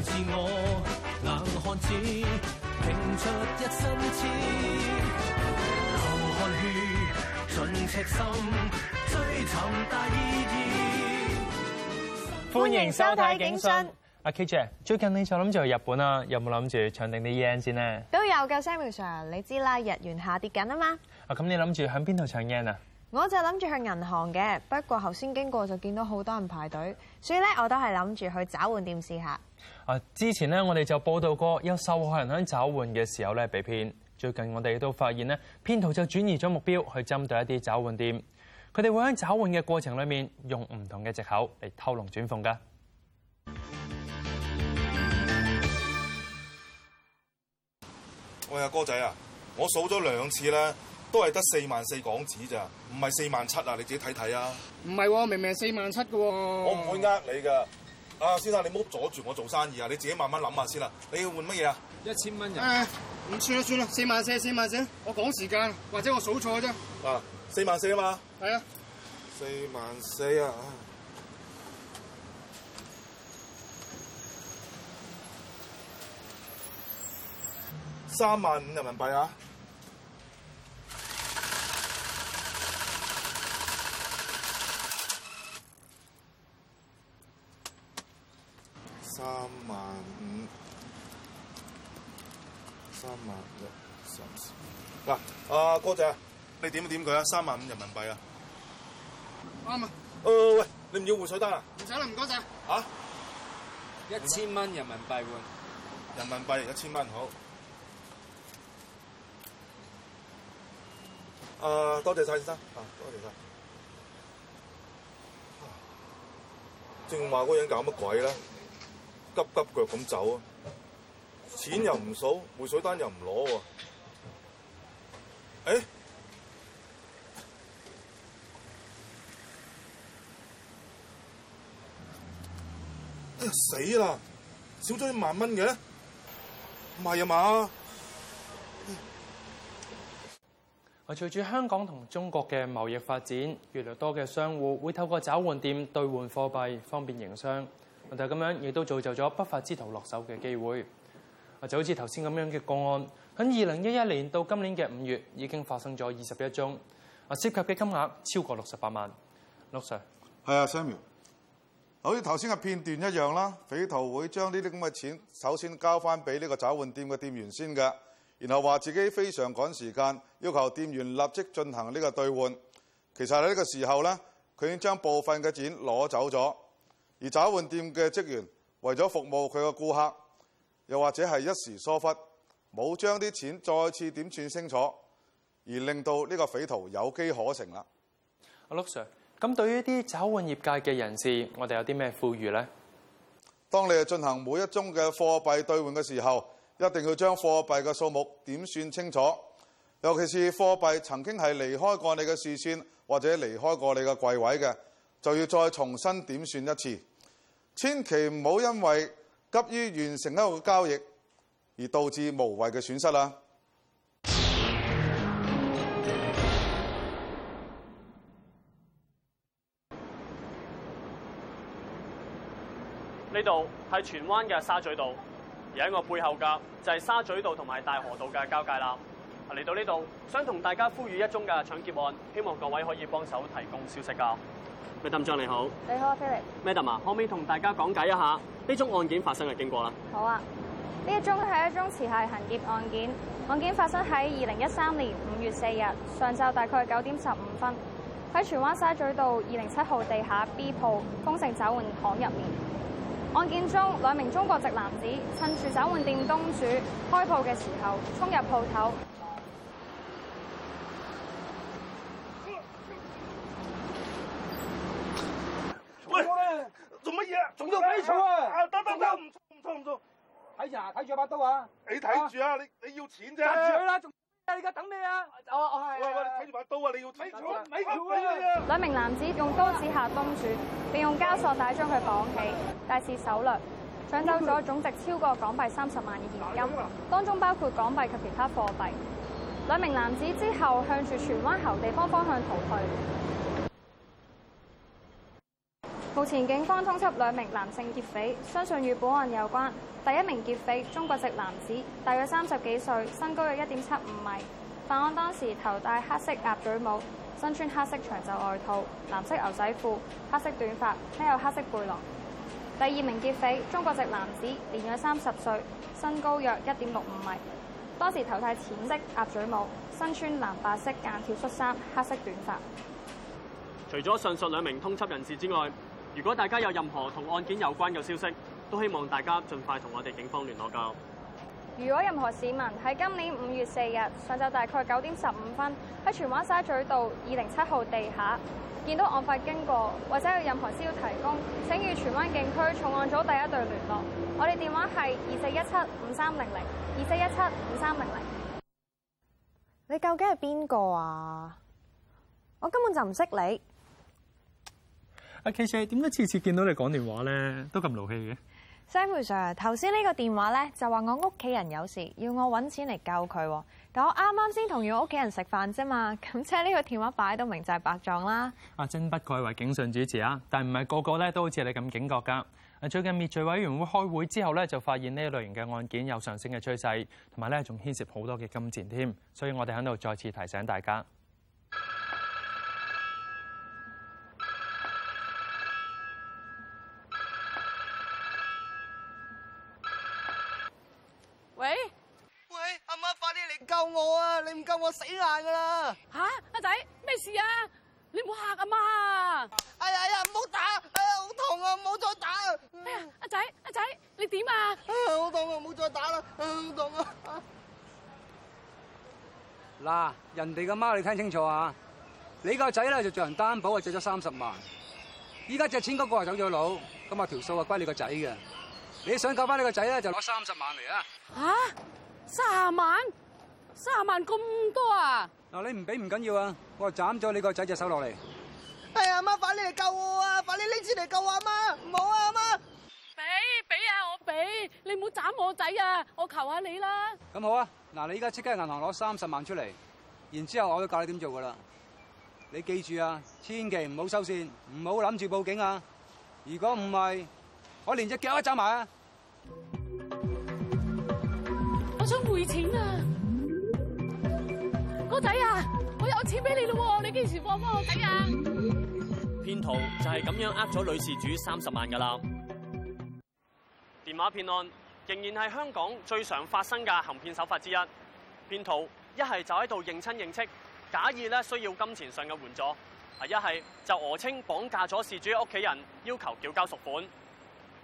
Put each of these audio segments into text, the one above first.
拼出一身流汗血，盡赤心，追尋第天。歡迎收睇《警訊》。阿 K J，最近你就諗住去日本啊？有冇諗住唱定啲 yen 先呢？都有噶，Samuel Sir，你知啦，日元下跌緊啊嘛。啊，咁你諗住響邊度唱 yen 啊？我就諗住去銀行嘅，不過頭先經過就見到好多人排隊。所以咧，我都係諗住去找換店試下。啊，之前咧，我哋就報道過有受害人喺找換嘅時候咧，被騙。最近我哋亦都發現咧，騙徒就轉移咗目標，去針對一啲找換店。佢哋會喺找換嘅過程裡面用唔同嘅藉口嚟偷龍轉鳳㗎。喂，阿哥仔啊，我數咗兩次啦。都係得四萬四港紙咋，唔係四萬七啊！你自己睇睇啊。唔係，明明係四萬七嘅喎、啊。我唔會呃你噶，啊先生你唔好阻住我做生意啊！你自己慢慢諗下先啦。你要換乜嘢啊？一千蚊人、啊。誒、哎，唔算啦算啦，四萬四四萬四，我講時間，或者我數錯咗啫。啊，四萬四啊嘛，係啊。四萬四啊。三萬五人民幣啊！三萬五，三萬五，三萬五。嗱，阿哥仔，你點一點佢啊？三萬五人民幣啊，啱啊。哦，喂，你唔要匯取單啊？唔使啦，唔該晒。啊？一千蚊人民幣換，人民幣一千蚊好。誒，多謝蔡先生。啊，多謝。正話嗰人搞乜鬼咧？急急腳咁走啊！錢又唔數，回水單又唔攞喎。哎，死啦！少咗一萬蚊嘅，唔係啊嘛？我隨住香港同中國嘅貿易發展，越來越多嘅商戶會透過找換店兌換貨幣，方便營商。就係咁樣，亦都造就咗不法之徒落手嘅機會。就好似頭先咁樣嘅個案，喺二零一一年到今年嘅五月，已經發生咗二十一宗，啊，涉及嘅金額超過六十八萬。六 Sir，係啊，Samuel，好似頭先嘅片段一樣啦，匪徒會將呢啲咁嘅錢，首先交翻俾呢個找換店嘅店員先㗎，然後話自己非常趕時間，要求店員立即進行呢個兌換。其實喺呢個時候咧，佢已經將部分嘅錢攞走咗。而找換店嘅職員為咗服務佢嘅顧客，又或者係一時疏忽，冇將啲錢再次點算清楚，而令到呢個匪徒有機可乘啦。阿、啊、陸 sir，咁對於啲找換業界嘅人士，我哋有啲咩呼籲呢？當你係進行每一宗嘅貨幣兌換嘅時候，一定要將貨幣嘅數目點算清楚，尤其是貨幣曾經係離開過你嘅視線或者離開過你嘅櫃位嘅，就要再重新點算一次。千祈唔好因為急於完成一個交易而導致無謂嘅損失啦！呢度係荃灣嘅沙咀道，而喺我背後㗎就係沙咀道同埋大河道嘅交界啦。嚟到呢度想同大家呼籲一宗嘅搶劫案，希望各位可以幫手提供消息㗎。，Tom Madam 你好，你好啊，Philip，Madam，可唔可以同大家講解一下呢宗案件發生嘅經過啦？好啊，呢一宗係一宗持械行劫案件，案件發生喺二零一三年五月四日上晝大概九點十五分，喺荃灣沙咀道二零七號地下 B 鋪豐盛找換行入面。案件中兩名中國籍男子趁住找換店東主開鋪嘅時候，衝入鋪頭。嘅把刀啊！你睇、啊、住你啊，啊，啊，啊，啊！你你要錢啫！住佢啦！仲你而家等咩啊？我我係喂喂，你睇住把刀啊！你要睇住，睇兩、啊啊啊、名男子用刀指下東主，並用膠索帶將佢綁起，大肆搜掠，搶走咗總值超過港幣三十萬嘅現金，當中包括港幣及其他貨幣。兩名男子之後向住荃灣後地方方向逃去。目前警方通緝兩名男性劫匪，相信與本案有關。第一名劫匪，中國籍男子，大約三十幾歲，身高約一點七五米，犯案當時頭戴黑色鴨嘴帽，身穿黑色長袖外套、藍色牛仔褲、黑色短髮，披有黑色背囊。第二名劫匪，中國籍男子，年約三十歲，身高約一點六五米，當時頭戴淺色鴨嘴帽，身穿藍白色間條恤衫、黑色短髮。除咗上述兩名通緝人士之外，如果大家有任何同案件有關嘅消息，都希望大家盡快同我哋警方聯絡交。如果任何市民喺今年五月四日上晝大概九點十五分喺荃灣沙咀道二零七號地下見到案發經過，或者有任何資料提供，請與荃灣警區重案組第一隊聯絡。我哋電話係二四一七五三零零，二四一七五三零零。你究竟係邊個啊？我根本就唔識你。阿 K C，點解次次見到你講電話咧都咁勞氣嘅？Sir，頭先呢個電話咧就話我屋企人有事，要我揾錢嚟救佢。但我啱啱先同完屋企人食飯啫嘛，咁即係呢個電話擺到明係白撞啦。啊，真不愧為警訊主持啊！但係唔係個個咧都好似你咁警覺㗎？最近滅罪委員會開會之後咧，就發現呢類型嘅案件有上升嘅趨勢，同埋咧仲牽涉好多嘅金錢添。所以我哋喺度再次提醒大家。人哋嘅媽，你聽清楚啊！你個仔咧就著人擔保啊，借咗三十萬。依家借錢嗰個啊走咗佬，咁啊條數啊歸你個仔嘅。你想救翻你個仔咧，就攞三十萬嚟啊！嚇，三十萬，三十萬咁多啊！嗱，你唔俾唔緊要啊，我斬咗你個仔隻手落嚟。哎呀，媽，快你嚟救我啊！快你拎錢嚟救阿媽，唔好啊，阿媽！俾俾啊我俾，你唔好斬我仔啊！我求下你啦。咁好啊！嗱，你依家即刻去銀行攞三十萬出嚟。然之後，我都教你點做噶啦。你記住啊，千祈唔好收線，唔好諗住報警啊。如果唔係，我連隻腳都走埋啊！我想匯錢啊！哥仔啊，我有錢俾你咯喎，你幾時放翻我睇啊？騙徒就係咁樣呃咗女事主三十萬噶啦。電話騙案仍然係香港最常發生嘅行騙手法之一，騙徒，一係就喺度認親認戚，假意咧需要金錢上嘅援助；一係就訛稱綁架咗事主屋企人，要求繳交贖款。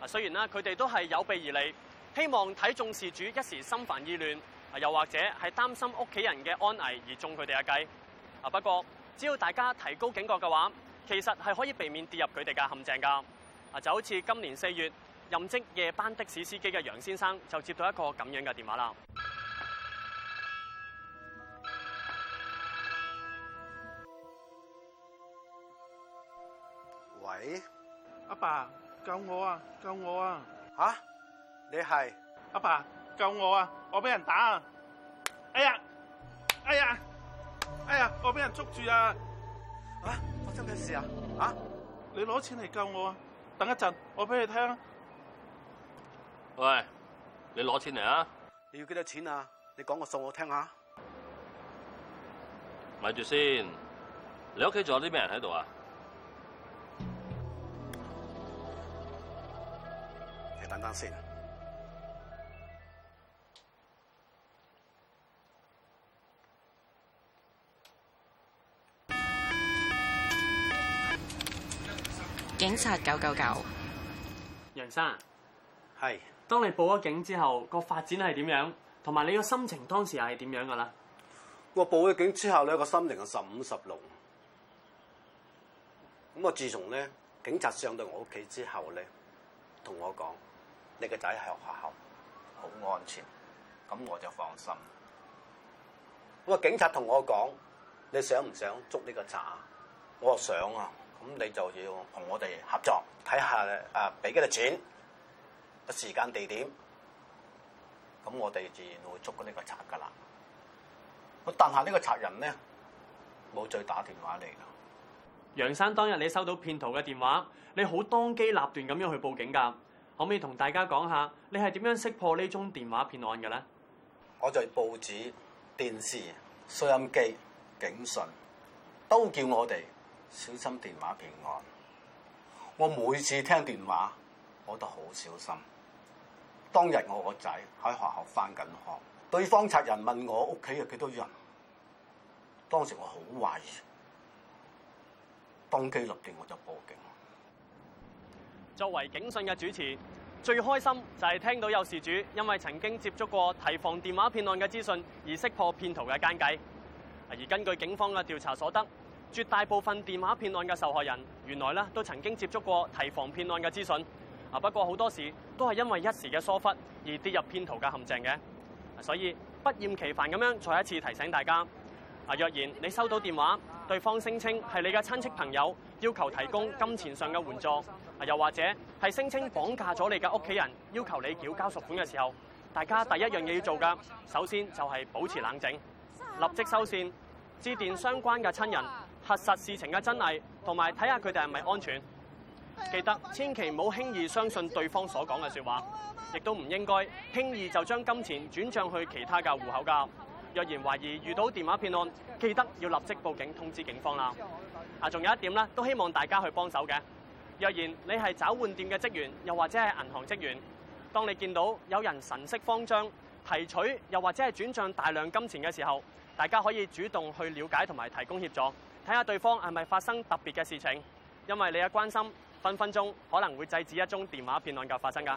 啊，雖然啦，佢哋都係有備而嚟，希望睇中事主一時心煩意亂，啊，又或者係擔心屋企人嘅安危而中佢哋嘅計。啊，不過只要大家提高警覺嘅話，其實係可以避免跌入佢哋嘅陷阱噶。啊，就好似今年四月，任職夜班的士司機嘅楊先生就接到一個咁樣嘅電話啦。阿爸，爸救我啊！救我啊！吓、啊？你係阿爸，爸救我啊！我俾人打啊！哎呀！哎呀！哎呀！我俾人捉住啊！啊？發生咩事啊？啊？你攞錢嚟救我啊！等一陣，我俾你聽、啊。喂，你攞錢嚟啊！你要幾多錢啊？你講個數我聽下、啊。咪住先，你屋企仲有啲咩人喺度啊？當時，警察，九九九，楊生，係，當你報咗警之後，個發展係點樣？同埋你個心情當時係點樣噶啦？我報咗警之後咧，個心情係十五十六。咁我自從呢警察上到我屋企之後咧，同我講。你個仔喺學校，好安全，咁我就放心。我、嗰個、警察同我講：你想唔想捉呢個賊？我話想啊，咁你就要同我哋合作，睇下誒俾幾多錢，個時間地點。咁我哋自然會捉緊呢個賊噶啦。但係呢個賊人咧，冇再打電話嚟。楊生，當日你收到騙徒嘅電話，你好當機立斷咁樣去報警噶。可唔可以同大家講下，你係點樣識破呢宗電話騙案嘅咧？我係報紙、電視、收音機、警訊都叫我哋小心電話騙案。我每次聽電話我都好小心。當日我個仔喺學校返緊學，對方賊人問我屋企有幾多人，當時我好懷疑，當機立斷我就報警。作為警訊嘅主持，最開心就係聽到有事主因為曾經接觸過提防電話騙案嘅資訊而識破騙徒嘅奸計。而根據警方嘅調查所得，絕大部分電話騙案嘅受害人原來呢都曾經接觸過提防騙案嘅資訊。啊，不過好多時都係因為一時嘅疏忽而跌入騙徒嘅陷阱嘅，所以不厭其煩咁樣再一次提醒大家：啊，若然你收到電話，對方聲稱係你嘅親戚朋友，要求提供金錢上嘅援助。又或者係聲稱綁架咗你嘅屋企人，要求你繳交贖款嘅時候，大家第一樣嘢要做嘅，首先就係保持冷靜，立即收線，致電相關嘅親人，核實事情嘅真偽，同埋睇下佢哋係咪安全。記得千祈唔好輕易相信對方所講嘅說話，亦都唔應該輕易就將金錢轉帳去其他嘅戶口噶。若然懷疑遇到電話騙案，記得要立即報警通知警方啦。啊，仲有一點呢，都希望大家去幫手嘅。若然你係找換店嘅職員，又或者係銀行職員，當你見到有人神色慌張、提取又或者係轉帳大量金錢嘅時候，大家可以主動去了解同埋提供協助，睇下對方係咪發生特別嘅事情，因為你嘅關心，分分鐘可能會制止一宗電話騙案嘅發生㗎。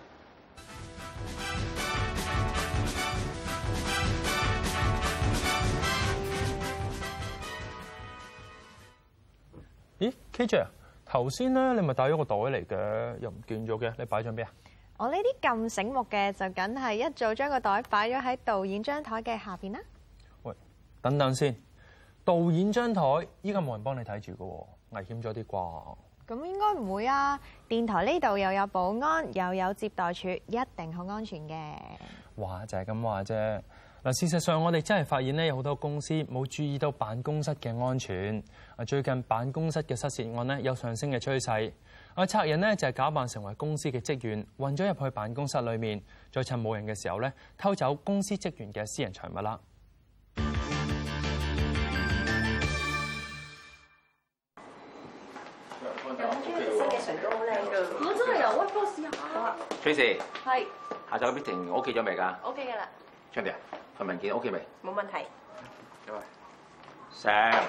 咦？K 姐啊！頭先咧，你咪帶咗個袋嚟嘅，又唔見咗嘅，你擺喺咩？啊？我呢啲咁醒目嘅，就梗係一早將個袋擺咗喺導演張台嘅下邊啦。喂，等等先，導演張台依家冇人幫你睇住嘅喎，危險咗啲啩？咁應該唔會啊，電台呢度又有保安，又有接待處，一定好安全嘅。話就係咁話啫。嗱，事實上我哋真係發現咧，有好多公司冇注意到辦公室嘅安全。啊，最近辦公室嘅失竊案咧有上升嘅趨勢。啊，賊人咧就係假扮成為公司嘅職員，混咗入去辦公室裏面，再趁冇人嘅時候咧偷走公司職員嘅私人財物啦。咁啲新嘅水都好靚噶，我真係由威哥試，試下。崔氏，係下晝 meeting 我 OK 咗未㗎？OK 㗎啦，張啊！份文件 OK 未？冇問題。咁 Sam，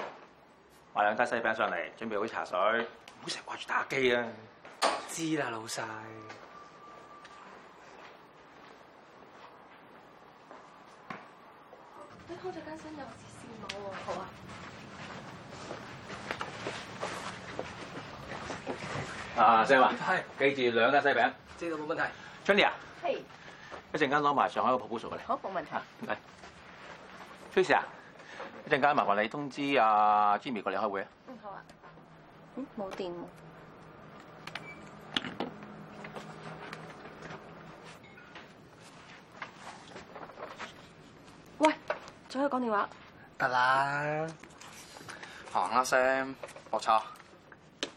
買兩打西餅上嚟，準備好啲茶水，唔好成日掛住打機啊！知啦，老細。啲康仔更新有視線冇啊？好啊。啊，Sam，記住兩打西餅。知道，冇問題。春 y 啊！一陣間攞埋上海個 proposal 過嚟，好冇問題。嚟 Phoebe 啊，一陣間麻煩你通知阿、啊、Jimmy 過嚟開會啊。嗯，好啊。嗯，冇電。喂，仲喺度講電話？得啦，行一聲，冇錯。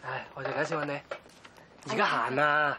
唉，我就緊先揾你，而家、哎、閒啊。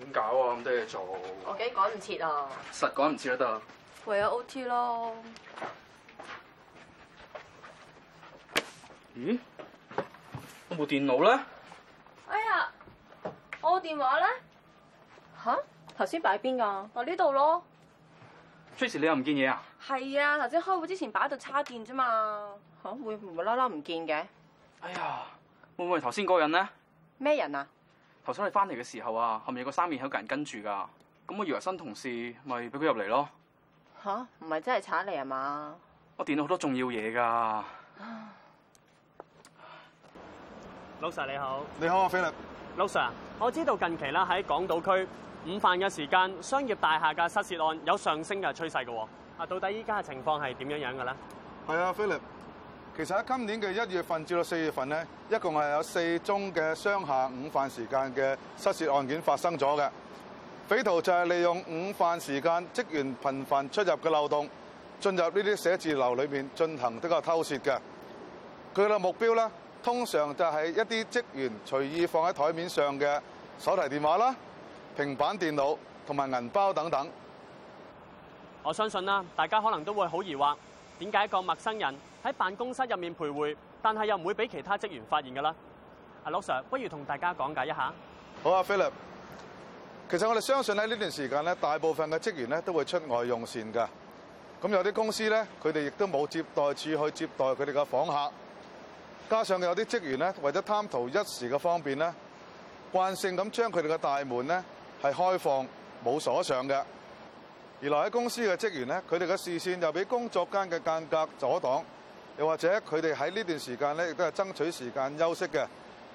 點搞啊！咁多嘢做，我幾趕唔切啊！實趕唔切都得，唯有 OT 咯。咦？我部電腦咧？哎呀，我個電話咧？吓？頭先擺邊噶？我呢度咯。Tracy，你又唔見嘢啊？係啊，頭先開會之前擺度叉電啫嘛。吓，會唔會無啦啦唔見嘅？哎呀，會唔會頭先嗰個人咧？咩人啊？頭先你翻嚟嘅時候啊，後面有個生面口嘅人跟住噶，咁我以為新同事，咪俾佢入嚟咯。吓、啊？唔係真係慘嚟啊嘛？我電腦好多重要嘢㗎。老 Sir 你好。你好啊，Philip 老 Sir 啊，Philip、Sir, 我知道近期啦，喺港島區午飯嘅時間，商業大廈嘅失竊案有上升嘅趨勢㗎喎。啊，到底依家嘅情況係點樣樣㗎咧？係啊，Philip 其實喺今年嘅一月份至到四月份呢一共係有四宗嘅商下午飯時間嘅失竊案件發生咗嘅。匪徒就係利用午飯時間，職員頻繁出入嘅漏洞，進入呢啲寫字樓裏面進行呢個偷竊嘅。佢嘅目標呢，通常就係一啲職員隨意放喺台面上嘅手提電話啦、平板電腦同埋銀包等等。我相信啦，大家可能都會好疑惑。點解一個陌生人喺辦公室入面徘徊，但係又唔會俾其他職員發現㗎啦？阿老 Sir，不如同大家講解一下。好啊，Philip。其實我哋相信喺呢段時間咧，大部分嘅職員咧都會出外用膳㗎。咁有啲公司咧，佢哋亦都冇接待處去接待佢哋嘅訪客。加上有啲職員咧，為咗貪圖一時嘅方便咧，慣性咁將佢哋嘅大門咧係開放冇鎖上嘅。而留喺公司嘅職員呢，佢哋嘅視線又俾工作間嘅間隔阻擋，又或者佢哋喺呢段時間呢亦都係爭取時間休息嘅，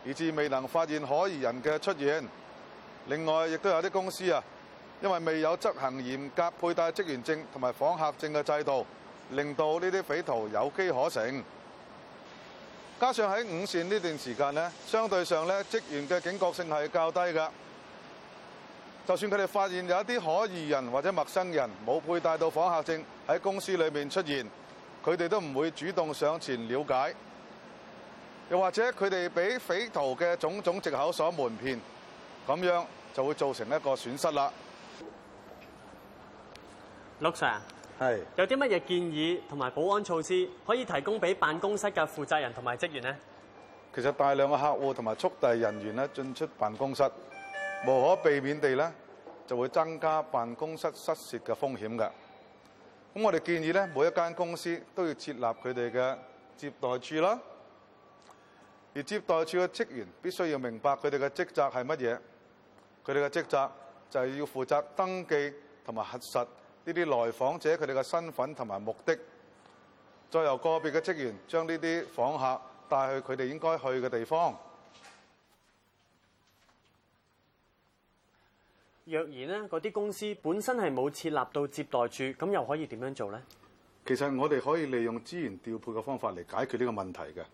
以致未能發現可疑人嘅出現。另外，亦都有啲公司啊，因為未有執行嚴格佩戴職員證同埋訪客證嘅制度，令到呢啲匪徒有機可乘。加上喺午膳呢段時間呢，相對上呢職員嘅警覺性係較低㗎。就算佢哋發現有一啲可疑人或者陌生人冇佩戴到訪客證喺公司裏面出現，佢哋都唔會主動上前了解；又或者佢哋俾匪徒嘅種種藉口所瞞騙，咁樣就會造成一個損失啦。陸 Sir 係有啲乜嘢建議同埋保安措施可以提供俾辦公室嘅負責人同埋職員呢？其實大量嘅客戶同埋速遞人員咧進出辦公室。無可避免地咧，就會增加辦公室失竊嘅風險嘅。咁我哋建議咧，每一間公司都要設立佢哋嘅接待處啦。而接待處嘅職員必須要明白佢哋嘅職責係乜嘢。佢哋嘅職責就係要負責登記同埋核實呢啲來訪者佢哋嘅身份同埋目的，再由個別嘅職員將呢啲訪客帶去佢哋應該去嘅地方。若然呢嗰啲公司本身係冇設立到接待處，咁又可以點樣做呢？其實我哋可以利用資源調配嘅方法嚟解決呢個問題嘅。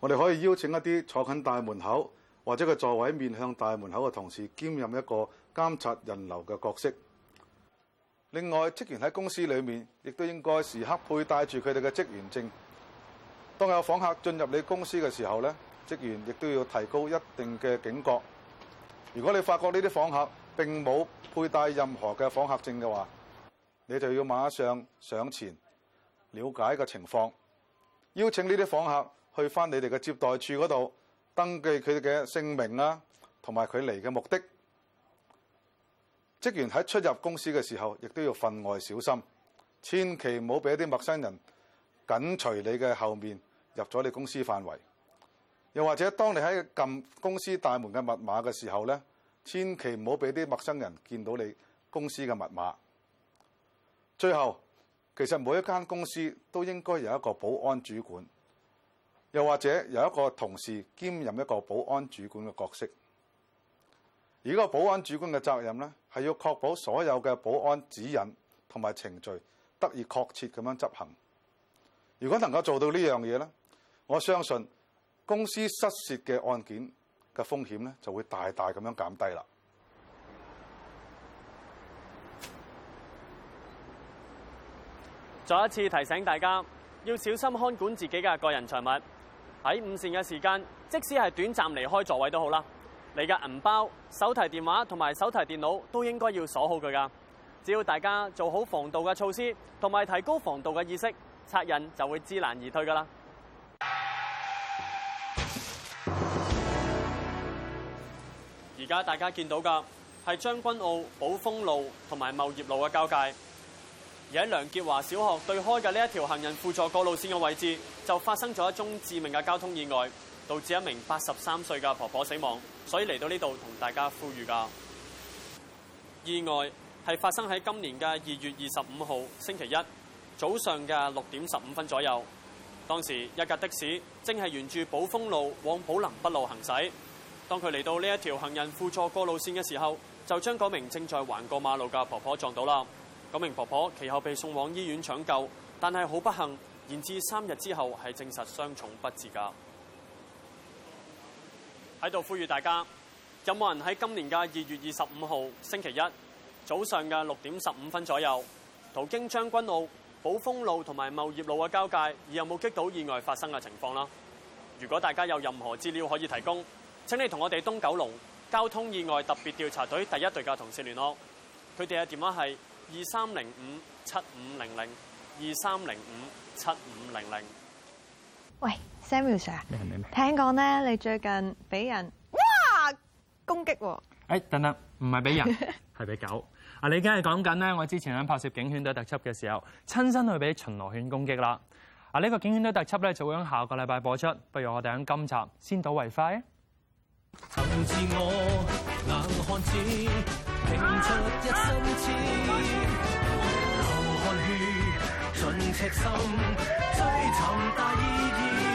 我哋可以邀請一啲坐近大門口或者個座位面向大門口嘅同事兼任一個監察人流嘅角色。另外，職員喺公司裏面亦都應該時刻佩戴住佢哋嘅職員證，當有訪客進入你公司嘅時候呢，職員亦都要提高一定嘅警覺。如果你發覺呢啲訪客，並冇佩戴任何嘅訪客證嘅話，你就要馬上上前了解個情況，邀請呢啲訪客去返你哋嘅接待處嗰度登記佢哋嘅姓名啦、啊，同埋佢嚟嘅目的。職員喺出入公司嘅時候，亦都要分外小心，千祈唔好俾啲陌生人緊隨你嘅後面入咗你公司範圍。又或者當你喺撳公司大門嘅密碼嘅時候呢，千祈唔好俾啲陌生人見到你公司嘅密碼。最後，其實每一間公司都應該有一個保安主管，又或者有一個同事兼任一個保安主管嘅角色。而嗰個保安主管嘅責任呢，係要確保所有嘅保安指引同埋程序得以確切咁樣執行。如果能夠做到呢樣嘢呢，我相信公司失竊嘅案件嘅風險咧就會大大咁樣減低啦！再一次提醒大家，要小心看管自己嘅個人財物。喺午膳嘅時間，即使係短暫離開座位都好啦，你嘅銀包、手提電話同埋手提電腦都應該要鎖好佢噶。只要大家做好防盜嘅措施，同埋提高防盜嘅意識，賊人就會知難而退噶啦。而家大家見到嘅係將軍澳寶豐路同埋茂業路嘅交界，而喺梁潔華小學對開嘅呢一條行人輔助過路線嘅位置，就發生咗一宗致命嘅交通意外，導致一名八十三歲嘅婆婆死亡。所以嚟到呢度同大家呼籲噶。意外係發生喺今年嘅二月二十五號星期一早上嘅六點十五分左右。當時一架的士正係沿住寶豐路往寶林北路行駛。當佢嚟到呢一條行人輔助過路線嘅時候，就將嗰名正在橫過馬路嘅婆婆撞到啦。嗰名婆婆其後被送往醫院搶救，但係好不幸，延至三日之後係證實傷重不治噶。喺度呼籲大家，有冇人喺今年嘅二月二十五號星期一早上嘅六點十五分左右，途經將軍澳、寶豐路同埋茂業路嘅交界而有冇目擊到意外發生嘅情況啦？如果大家有任何資料可以提供。請你同我哋東九龍交通意外特別調查隊第一隊嘅同事聯絡，佢哋嘅電話係二三零五七五零零二三零五七五零零。喂，Samuel sir，聽講咧，你最近俾人哇攻擊喎、哦欸？等等，唔係俾人係俾 狗啊！你而家係講緊咧，我之前喺拍攝警犬隊特輯嘅時候，親身去俾巡邏犬攻擊啦。啊，呢個警犬隊特輯咧就會喺下個禮拜播出，不如我哋喺今集先睹為快。憑自我，硬漢子，拼出一身痴。流汗血，盡赤心，追尋大意義。